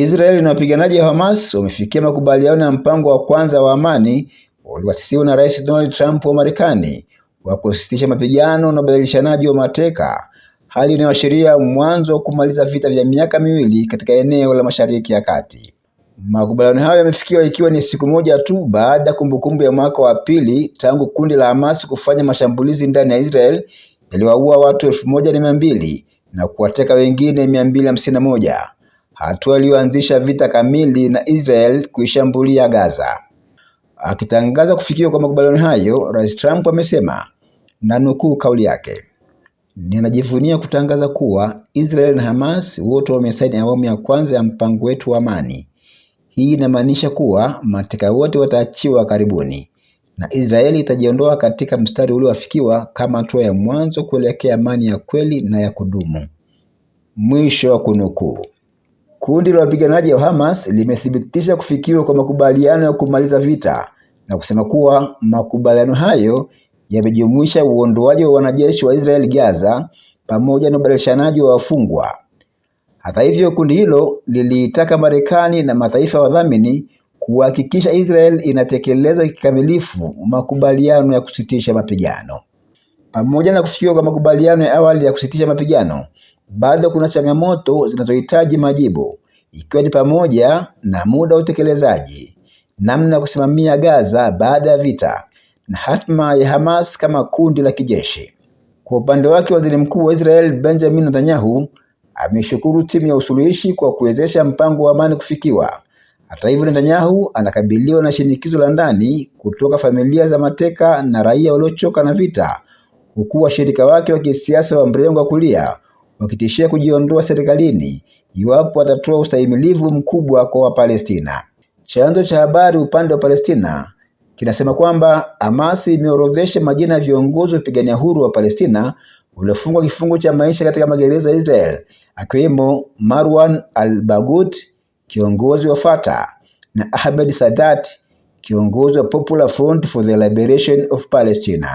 Israeli na wapiganaji wa Hamas wamefikia makubaliano ya mpango wa kwanza wa amani uliowasisiwa na Rais Donald Trump wa Marekani wa kusitisha mapigano na ubadilishanaji wa mateka, hali inayoashiria mwanzo wa kumaliza vita vya miaka miwili katika eneo la Mashariki ya Kati. Makubaliano hayo yamefikiwa ikiwa ni siku moja tu baada ya kumbukumbu ya mwaka wa pili tangu kundi la Hamas kufanya mashambulizi ndani ya Israel yaliwaua watu elfu moja na mia mbili na kuwateka wengine mia mbili hamsini na moja hatua iliyoanzisha vita kamili na Israel kuishambulia Gaza. Akitangaza kufikiwa kwa makubaliano hayo, Rais Trump amesema na nukuu kauli yake, ninajivunia kutangaza kuwa Israel na Hamas wote wamesaini awamu ya kwanza ya mpango wetu wa amani. Hii inamaanisha kuwa mateka wote wataachiwa karibuni na Israeli itajiondoa katika mstari ulioafikiwa kama hatua ya mwanzo kuelekea amani ya kweli na ya kudumu. Mwisho wa kunukuu. Kundi la wapiganaji wa Hamas limethibitisha kufikiwa kwa makubaliano ya kumaliza vita na kusema kuwa makubaliano hayo yamejumuisha uondoaji wa wanajeshi wa Israeli Gaza pamoja na ubadilishanaji wa wafungwa. Hata hivyo, kundi hilo liliitaka Marekani na mataifa wadhamini kuhakikisha Israel inatekeleza kikamilifu makubaliano ya kusitisha mapigano. Pamoja na kufikiwa kwa makubaliano ya awali ya kusitisha mapigano, bado kuna changamoto zinazohitaji majibu, ikiwa ni pamoja na muda wa utekelezaji, namna ya kusimamia Gaza baada ya vita, na hatma ya Hamas kama kundi la kijeshi. Kwa upande wake, Waziri Mkuu wa Israel Benjamin Netanyahu ameshukuru timu ya usuluhishi kwa kuwezesha mpango wa amani kufikiwa. Hata hivyo, Netanyahu anakabiliwa na shinikizo la ndani kutoka familia za mateka na raia waliochoka na vita huku washirika wake wa kisiasa wa mrengo wa kulia wakitishia kujiondoa serikalini iwapo watatoa ustahimilivu mkubwa kwa Wapalestina. Chanzo cha habari upande wa Palestina kinasema kwamba Hamas imeorodhesha majina ya viongozi wa wapigania huru wa Palestina waliofungwa kifungo cha maisha katika magereza ya Israel, akiwemo Marwan al bagut kiongozi wa Fatah, na Ahmed Sadat, kiongozi wa Popular Front for the Liberation of Palestine.